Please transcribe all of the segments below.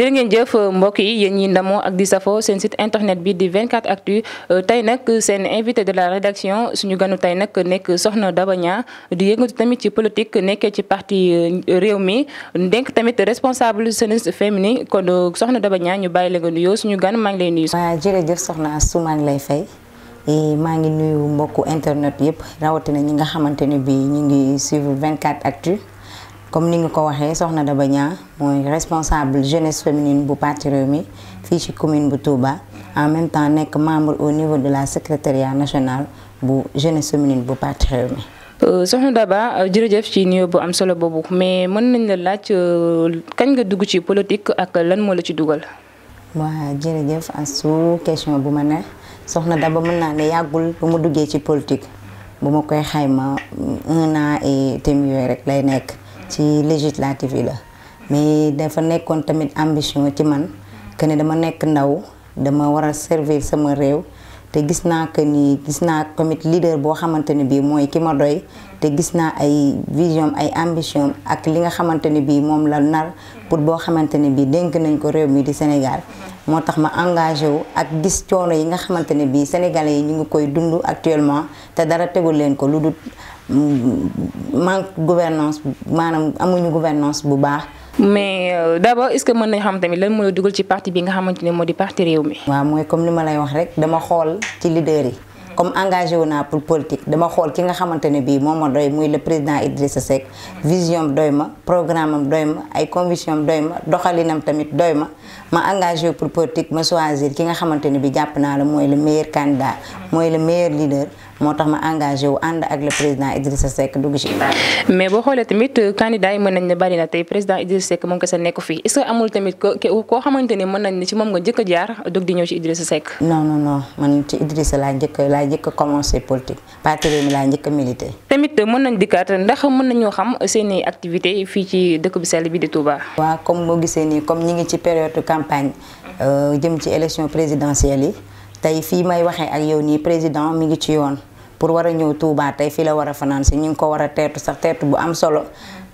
jërë ngeen jëf mbokk yi yéen ñi ndamoo ak di safoo seen sit internet bi di 24 actu euh, tey nag seen invité de la rédaction suñu ganu tey nag nekk soxna dabañaa di yëngatu tamit ci politique nekkee ci parti euh, réew mi denk tamit responsable jeunesse féminine kon euh, soxna Daba Niang ñu bàyyi la nga nuyoo suñu gan maa ngi lay nuyu. waaw ah, jërëjëf soxna Soumane lay fay maa ngi nuyu mbokku internet yëpp rawatina ñi nga xamante ne bii ñu ngi suivre 24 actu. comme ni nga ko waxee soxna Daba Niang mooy responsable jeunesse féminine bu parti mi fii ci commune bu Touba en même temps nekk membre au niveau de la secrétariat national bu jeunesse féminine bu parti Rewmi euh, soxna Daba euh, jërëjëf ci nuyoo bu am solo boobu mais mën nañ la laaj euh, kañ nga dugg ci politique ak lan moo la ci dugal. waaw jërëjëf Astou question bu ma neex soxna Daba mën naa ne yàggul bu ma duggee ci politique bu ma koy xayma un an et demi yooyu rek lay nekk. ci législative yi la mais dafa nekkoon tamit ambition ci man que ne dama nekk ndaw dama war a servir sama réew te gis naa que ni gis naa tamit leader boo xamante ne bii mooy ki ma doy te gis naa ay vision ay ambition ak li nga xamante ne bii moom la nar pour boo xamante ne bii dénk nañ ko réew mi di Sénégal moo tax ma engagé wu ak gis coono yi nga xamante ne bii sénégalais yi ñu ngi koy dund actuellement te dara tegul leen ko lu dul Mm-hmm. manque gouvernance maanaam amuñu gouvernance bu baax. mais euh, d'abord est-ce que mën nañ xam tamit lan mooy dugal ci parti bi nga xamante ne moo di parti réew mi. waaw mooy comme li ma lay wax rek dama xool ci leader yi. comme engagé wu naa pour politique dama xool ki nga xamante ne bii moo ma doy muy le président Idrissa Seck vision am doy ma programme am doy ay conviction am ma doxalinam tamit doy ma ma engage wu pour politique ma choisir ki nga xamante ne bii jàpp naa la mooy le meilleur candidat mooy le meilleur leader. moo tax ma engagé wu ànd ak le président Idrissa Seck dugg ci mais boo xoolee tamit euh, candidat yi mën nañ ne bari na tey président Idrissa Seck moom kese nekk fii est-ce que amul tamit koo xamante ni mën nañ ne moom nga njëkk jaar dugg di ñëw ci Idrissa Seck. non non non man ci Idrissa laa njëkk laa njëkk a commencé njëkk a milité. Euh, mën nañ dikkaat ndax mën nañoo xam seen i activités fii ci dëkk bi sell bi di Touba. waaw comme boo gisee nii comme ñi ngi ci période campagne euh, jëm ci élection présidentielle yi tey fii may waxee ak yow nii président mu ngi ci yoon. pour war a ñëw Touba tey fii la war a fanaan si ñu ngi ko war a teetu sax teetu bu am solo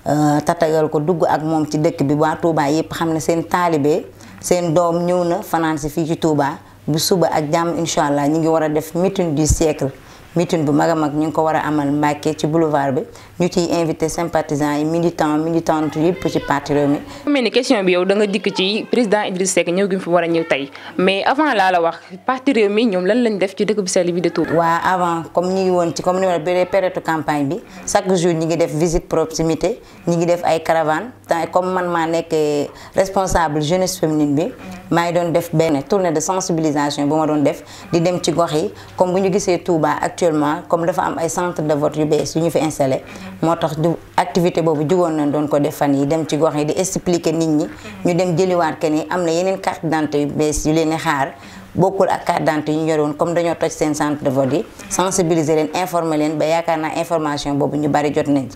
euh, tatagal ko dugg ak moom ci dëkk bi waa Touba yëpp xam ne seen taalibe seen doom ñëw na fanaan si fii ci Touba bu suba ak jàmm incha allah ñu ngi war a def meeting du siècle meeting bu mag a mag ñu ngi ko war a amal Mbàkke ci boulevard bi ñu ciy invité sympathisants yi militants militantes yëpp ci parti Rewmi. bu mel ni question bi yow da nga dikk ci président Idriss Seck ñëw a ñëw tey mais avant laa la wax parti Rewmi ñoom lan lañ def ci dëkk bu sell bi de Touba. waaw avant comme ñu ngi woon ci comme ni ma la période campagne bi chaque jour ñu ngi def visite proximité ñi ngi def ay caravanes comme man maa nekk responsable jeunesse féminine bi. maa ngi doon def benn tournée de sensibilisation bu ma doon def di dem ci gox yi comme bu ñu gisee Touba actuellement comme dafa am ay centre de vote yu bees yu ñu fi installé moo tax du activité boobu jugoon lañ doon ko def fan yi dem ci gox yi di expliquer nit ñi ñu dem jëliwaat que ni am na yeneen carte d'identité yu bees yu leen di xaar bokkul ak carte d'identité yi ñu yoroon comme dañoo toj seen centre de vote yi sensibiliser leen informer leen ba yaakaar naa information boobu ñu bari jot nañ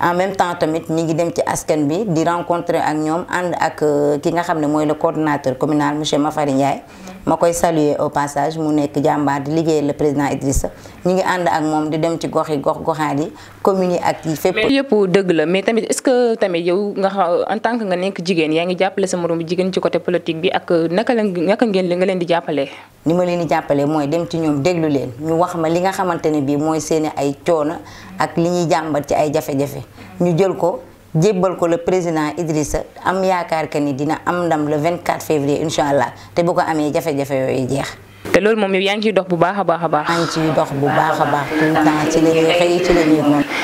en même temps tamit ñi ngi dem ci askan bi di rencontrer ak ñoom ànd ak euh, ki nga xam ne mooy le coordonnateur communal monsieur Mafari Ndiaye koy saluer passage mu nekk jàmbaar di liggéeyal le président Idrissa ñi ngi ànd ak moom di dem ci gox yi gox goxaat yi communes yi ak yi fépp yëpp mais tamit est-ce que tamit yow nga xam en tant que nekk jigéen yaa ngi jàppale sa moroom jigéen ci côté politique bi ak euh, naka la naka ngeen nga leen di jàppalee ni ma leen di jàppalee mooy dem ci ñoom déglu leen ñu wax ma li nga xamante ne bii mooy seeni ay coono ak li ñuy jàmbat ci ay jafe-jafe ñu jël ko jébbal ko la président Idrissa am yaakaar que ni dina am ndam le 24 février incha allah te bu ko amee jafe-jafe yooyu jeex. te loolu moom yow yaa ngi ciy dox bu baax a baax a baax. yaa ngi ciy dox bu baax a baax tout temps ci la ñuy ci la moom.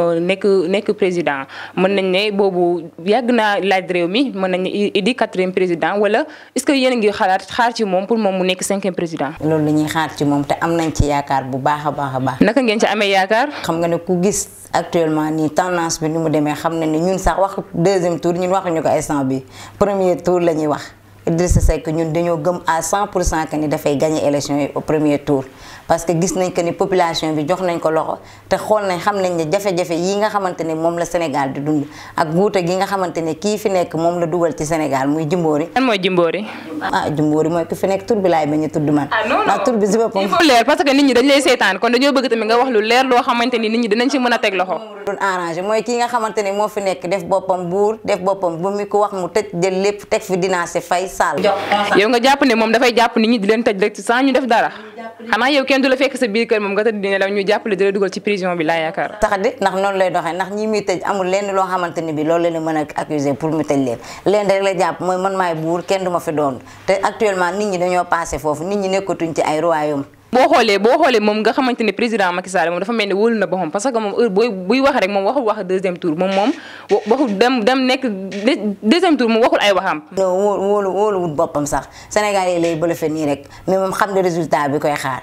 Euh, nekk nekk président mën nañ ne boobu yàgg naa laaj réew mi mën nañ ne Idi quatrième président wala est-ce que yéen a ngi xalaat xaar ci moom pour moom mu nekk cinquième président. loolu la ñuy xaar ci moom te am nañ ci yaakaar bu baax a baax a baax. naka ngeen ci amee yaakaar. xam nga ne ku gis actuellement nii tendance bi ni mu demee xam na ne ñun sax wax deuxième tour ñun waxuñu ko instant bi premier tour la ñuy wax Idrissa Seck ñun dañoo gëm à 100 pour cent que ni dafay gagner élection yi tour. parce que gis nañ que ni population bi jox nañ ko loxo te xool nañ xam nañ ne jafe-jafe yi nga xamante ne moom la Sénégal di dund ak guute gi nga xamante ne kii fi nekk moom la dugal ci Sénégal muy Jimboori. lan mooy Jimboori. ah Jimboori mooy ku fi nekk tur bi laay bañ a tudd man. ah non non tur bi si boppam. il leer parce que nit ñi dañ lay seetaan kon dañoo bëgg tamit nga wax lu leer loo xamante ni nit ñi dinañ ci mën a teg loxo. doon arrangé mooy kii nga xamante ne moo fi nekk def boppam buur def boppam bu mi ko wax mu tëj jël lépp teg fi dinaase fay saal yow nga jàpp ne moom dafay jàpp ni ñi di leen tëj rek sans ñu def dara xanaa yow kenn du la fekk ñu jàppale di la dugal ci prison bi laa yaakaar sax de ndax noonu lay doxee ndax ñi muy tëj amul lenn loo xamante ne bi loolu leen mën a accuser pour mu tëj leen leen rek la jàpp mooy man maay buur kenn du ma fi doon te actuellement nit ñi dañoo passé foofu nit ñi nekkatuñ ci ay royaume boo xoolee boo xoolee moom nga xamante ne président Macky Sall moom dafa mel ne wóolu na boppam parce que moom heure booy buy wax rek moom waxul wax deuxième tour moom moom waxul dem dem nekk deuxième tour moom waxul ay waxam. non wóolu wóolu boppam sax Sénégal yi lay bële fenn nii rek mais moom xam ne résultat bi koy xaar.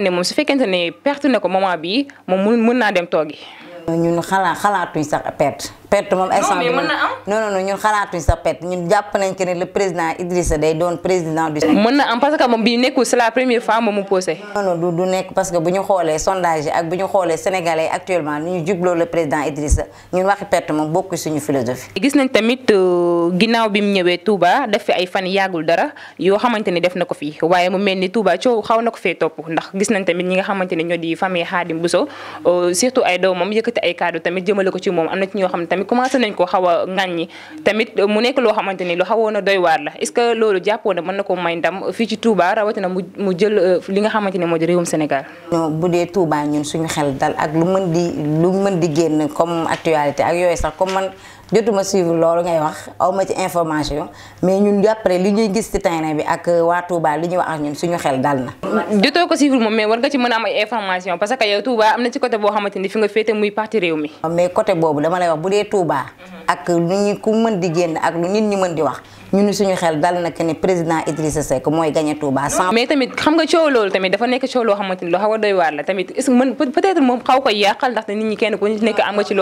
ne moom su fekkente ne perte na ko moment bii moom mun mën naa dem toogi. ñun xalaat xalaatuñ sax perte. perte moom instant bi non non non ñun xalaatuñ sa perte ñun jàpp nañ que ne le président Idrissa day doon président du. mën na am parce que moom bii nekkul c'est mu mel ni Touba coow xaw na ko fee topp ndax gis nañ tamit ñi nga xamante ne ñoo di famille Khadim Bousso euh, surtout ay doomam yëkkati ay kaddu tamit jëmale ko ci moom am na ci ñoo xam tamit commencé nañ ko xaw a ŋàññi tamit mu nekk loo xamante ni lu xawoon a doy waar la est-ce que loolu jàppoon na mën na ko may ndam fii ci Touba rawatina mu mu jël euh, li nga xamante ni moo di réewum Sénégal. ñoo bu dee Touba ñun suñu xel dal ak lu mën di lu mën di génn comme actualité ak yooyu sax comme man. jotuma suivre loolu ngay wax aw ci information mais ñun après li ñuy gis ci terrain bi ak euh, waa Touba li ñu wax ak ñun suñu xel dal na. jotoo ko suivre moom mais war nga ci mën a am ay information parce que yow Touba am na ci côté boo xamante ni fi nga féete muy parti réew mi. mais côté boobu dama lay wax bu dee Touba. Mhm. ak lu ñu ku mën di génn ak lu nit ñi mën di wax ñun suñu xel dal na que ne président Idrissa Seck mooy gagné Touba. mais tamit xam nga coow loo xamante ni loo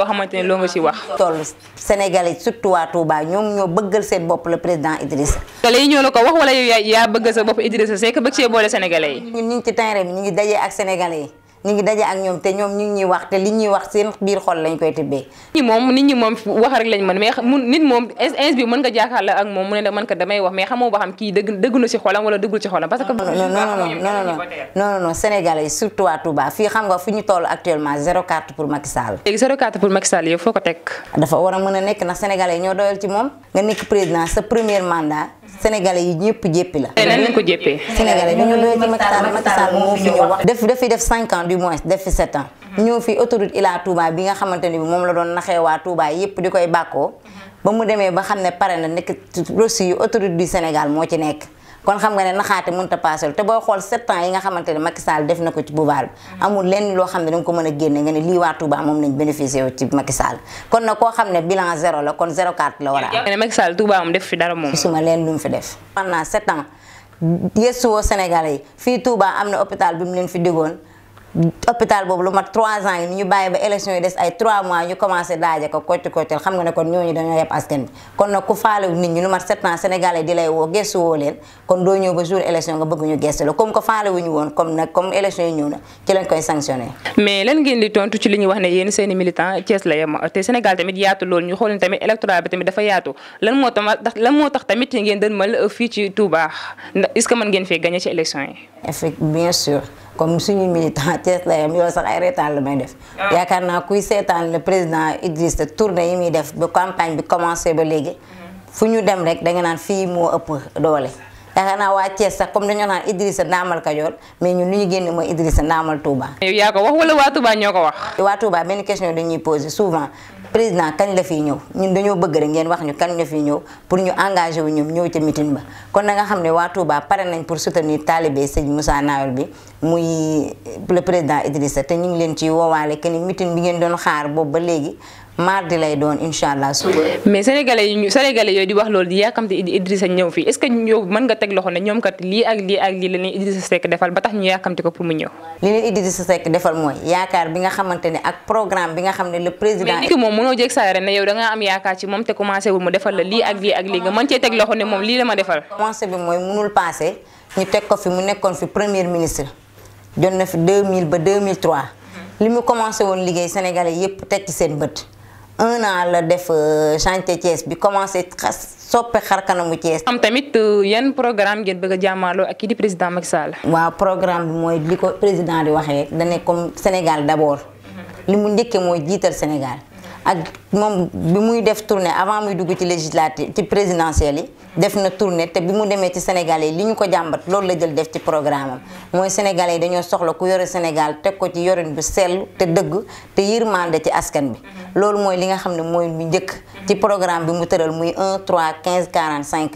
a nga ci wax. toll Sénégalais surtout waa ñoom ñoo bëggal seen bopp le président Idrissa. Sénégalais yi ñoo la ko wax wala yow yaa bëgg sa bopp Idrissa Seck bëgg see boole Sénégalais yi. ñun ñu ngi ci terrain bi ñu ngi dajee ak Sénégalais yi ñu ngi daje ak ñoom te ñoom ñu ñuy wax te li ñuy wax seen biir xol lañ koy tibbee. nit ñi moom nit ñi moom wax rek lañ mën mais mun nit moom ins bi mën nga man ko xamoo ba xam kii dëgg na si xolam wala dëggul si xolam. parce que ah, non non non non non Sénégalais yi surtout waa Touba fii xam nga fu ñu toll actuellement zéro carte pour Macky léegi zéro carte pour Macky Sall foo ko teg. dafa war a mën a nekk ndax Sénégalais ñoo doyal ci moom nga nekk président sa premier mandat sénégalais yi ñëpp jéppi la. nan ko jéppee. sénégalais ñu ngi doon ci Macky Sall Macky fi ñëw wax. def dafi def cinq ans du moins def fi sept an mhm. ñëw fi autoroute Ila Touba bi nga xamante ni moom la doon naxee waa Touba yëpp di koy bàkkoo. Mhm. ba mu demee ba xam ne pare na nekk reçu yu autoroute du Sénégal moo ci nekk. kon xam nga ne naxaate mënut a paasal te booy xool sept ans yi nga xamante ne Macky Sall def na ko ci pouvoir bi mm. amul lenn loo xam ne danga ko mën a génne nga ne lii waa Touba moom lañ bénéficié ci Macky kon nag koo xam ne bilan zéro la kon zéro carte la war a am. Macky Sall Touba moom def fi dara moom. gisuma leen lu mu fi def. pendant sept ans gëstu woo Sénégalais yi fii Touba am na hôpital bi mu leen fi digoon hôpital boobu lu mat 3 ans yi ñu bàyyi ba élection yi des ay 3 mois ñu commencé daaje ko kocc koccal xam nga ne kon ñooñu dañoo yeb askan bi kon nag ku faalewu nit ñi lu mat 7 ans sénégalais di lay woo gestu woo leen kon doo ñëw ba jour élection nga bëgg ñu gestu la comme que faalewuñu woon comme nag comme élection yi ñëw di tontu ci li wax ne yéen seeni militant Thiès la yem te Sénégal tamit yaatu loolu ñu xool ne tamit électoral bi tamit dafa yaatu lan moo tax tamit ngeen dënmal fii ci Touba est-ce que mën ngeen fee gagné ci élection yi bien comme suñu militant Thiès la yam yow sax ay reetaan la may def. Ah. yaakaar naa kuy seetaan le président Idrissa tournée yi muy def ba campagne bi commencé ba léegi. Mhm. fu ñu dem rek da nga naan fii moo ëpp doole. yaakaar naa waa Thiès sax comme dañoo naan Idrissa ndaamal Kajoor mais ñun lu ñu génn mooy Idrissa ndaamal Touba. yow yaa ko wax wala waa Touba ñoo ko wax. waa Touba benn question dañuy poser souvent. président kañ la fiy ñëw ñun dañoo bëgg rek ngeen wax ñu kañ la fiy ñëw pour ñu engagé wu ñoom ñëw ca mitin ba kon na nga xam ne waa Touba pare nañ pour soutenir taalibe sëñ Moussa Nawel bi muy le président sa te ñu ngi leen ci woowaale que ni bi ngeen doon xaar boobu ba léegi mardi lay doon incha allah suba. mais sénégalais yi ñu sénégalais yooyu di wax loolu di yàkkamte Idrissa ñëw fii est-ce que yow mën nga teg loxo ne ñoom kat lii ak lii ak lii la defal ba tax ñu yàkkamte ko pour mu ñëw. li leen Idrissa Seck defal bi nga xamante ne ak programme bi nga xam ne le président. mais nit ki yow da ngaa am yaakaar ci moom te commencé wul mu defal la lii ak lii ak lii nga mën cee teg loxo ne moom lii la ma defal. commencé bi mooy mënul passé ñu teg ko fi mu nekkoon fi premier ministre jot na fi 2000 ba 2003 li mu commencé woon liggéey sénégalais yépp teg ci seen bët un an la def euh, chantier Thiès bi commencé soppe xar kanamu Thiès. am tamit euh, yan programme ngeen bëgg a jàmmaarloo ak kii di président Macky Sall. waaw programme bi mooy li ko président di waxee rek da comme Sénégal d' abord. Mhm. li mu njëkkee mooy jiital Sénégal. ak moom bi muy def tournée avant muy dugg ci législative ci présidentielle yi def na tournée te bi mu demee ci Sénégalais yi li ñu ko jàmbat loolu la jël def ci programme am mooy sénégal yi dañoo soxla ku yore Sénégal teg ko ci yorin bu sell te dëgg te yërmande ci askan bi loolu mooy li nga xam ne mooy mu njëkk ci programme bi mu tëral muy un 1 3 15 cinq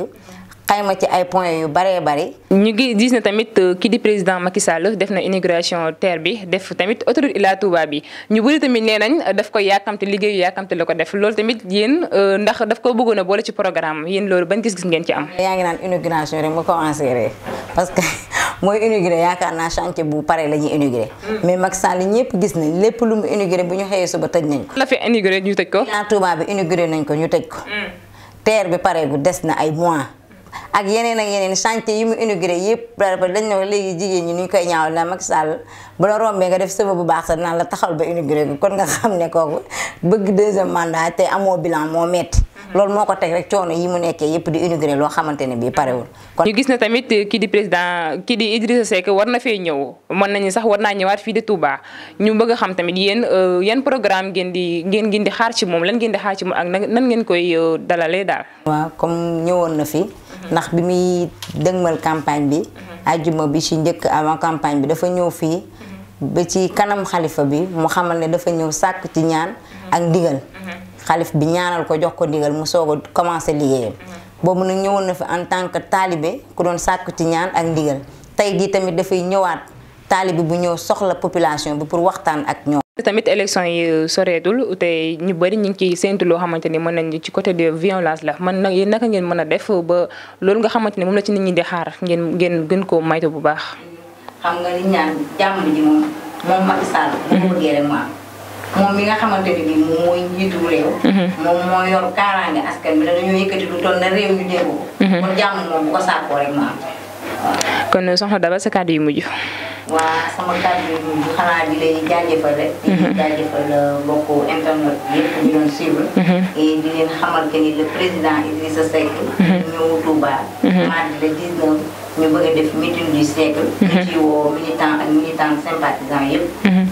xayma ci ay points yu baree bari. ñu ngi gis na tamit euh, ki di président Macky Sall def na inigration terre bi def tamit autoroute Ila Touba bi ñu bëri tamit nee nañ daf ko yàkkamte liggéeyu yàkkamte la ko def loolu tamit yéen euh, ndax daf ko bëggoon a boole ci programme yéen loolu ban gis-gis ngeen ci am. yaa ngi naan inauguration rek mu commencé parce que mooy inauguré yaakaar naa chantier bu pare la ñuy inauguré. Mm. mais Macky Sall ñëpp gis nañ lépp lu mu bu ñu xëyee suba tëj nañ ko. la fi inauguré ñu tëj ko. Ila Touba bi inauguré nañ ko ñu tëj ko. Mm. terre bi pare gu des na ay mois. ak yeneen ak yeneen chantier yi mu inauguré yëpp ba dañ ne léegi jigéen ñi ñu koy ñaawal na Macky Sall bu la rombee nga def sëba bu baax sax naan la taxawal ba inauguré ko kon nga xam ne kooku bëgg deuxième mandat te amoo bilan moo metti mm-hmm. loolu moo ko teg rek coono yi mu nekkee yëpp di inauguré loo xamante ne bii parewul. kon ñu gis ne tamit kii di président kii di Idrissa Seck war na fee ñëw mën nañu sax war naa ñëwaat fii di Touba ñu bëgg a xam tamit yéen euh, yan programme ngeen di ngeen ngeen di xaar ci moom lan ngeen di xaar ci moom ak nan ngeen koy euh, dalalee daal. waaw comme ñëwoon na fi. ndax bi muy dëgmal campagne bi mhm. ajjuma bi ci njëkk avant campagne bi dafa ñëw fii mhm. ba ci kanam xalifa bi mu xamal ne dafa ñëw sàkk ci ñaan mhm. ak ndigal xalif bi ñaanal ko jox ko ndigal mu soog a commencé liggéeyam boobu nag ñëwoon na fi en tant que taalibe ku doon sàkk ci ñaan ak ndigal tey jii tamit dafay ñëwaat taalibe bu ñëw soxla population bi pour waxtaan ak ñoom. te tamit élection yi soreetul te ñu bari ñu ngi ciy séntu loo xamante ni mën nañ ci côté de violence la man nag yéen naka ngeen mën a def ba loolu nga xamante ni moom la ci nit ñi di xaar ngeen ngeen gën koo maytu bu baax. nga li ñaan ko rek mu nga xamante ne bii moom mooy njiitu réew. Mhm. moom mhm. kon jàmm moom sa kàddu yu mujj. waa sama kàddu yi xanaa di lay jaajëfal rek. di mhm. jaajëfal euh, internet bi yëpp ñu doon suivre. Mhm. et xamal que ni le président Idrissa Seck. Mhm. ñëw Touba. mardi le 19 ñu bëgg a def meeting du siècle. ñu ciy woo militant yëpp.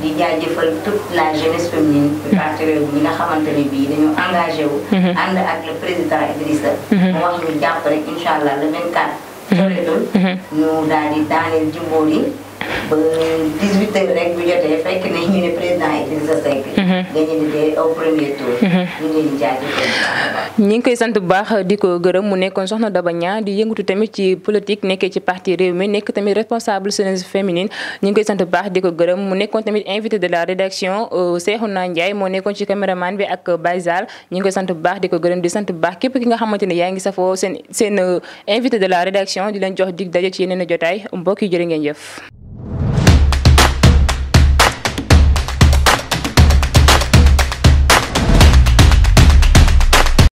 di jaajëfal toute la jeunesse féminine. patriote bi nga xamante ne bii dañu engagé wu. ànd ak le président Idrissa. mu wax ñu jàpp rek incha allah le 24. soreetul. ñu daal di daaneel ba 18 heures rek bu koy sant bu baax di ko gërëm mu nekkoon soxna Daba Niang di yëngatu tamit ci politique nekkee ci parti réew mi nekk tamit responsable jeunesse féminine ñu ngi koy sant bu baax di ko gërëm mu nekkoon tamit invité de la rédaction Cheikhouna njaay moo nekkoon ci caméraman bi ak Baysal ñu ngi koy sant bu baax di ko gërëm di sant bu baax képp ki nga xamante ne yaa ngi safoo seen seen invité de la rédaction di leen jox dig daje ci yeneen jotaay mbokk yi jërë ngeen jëf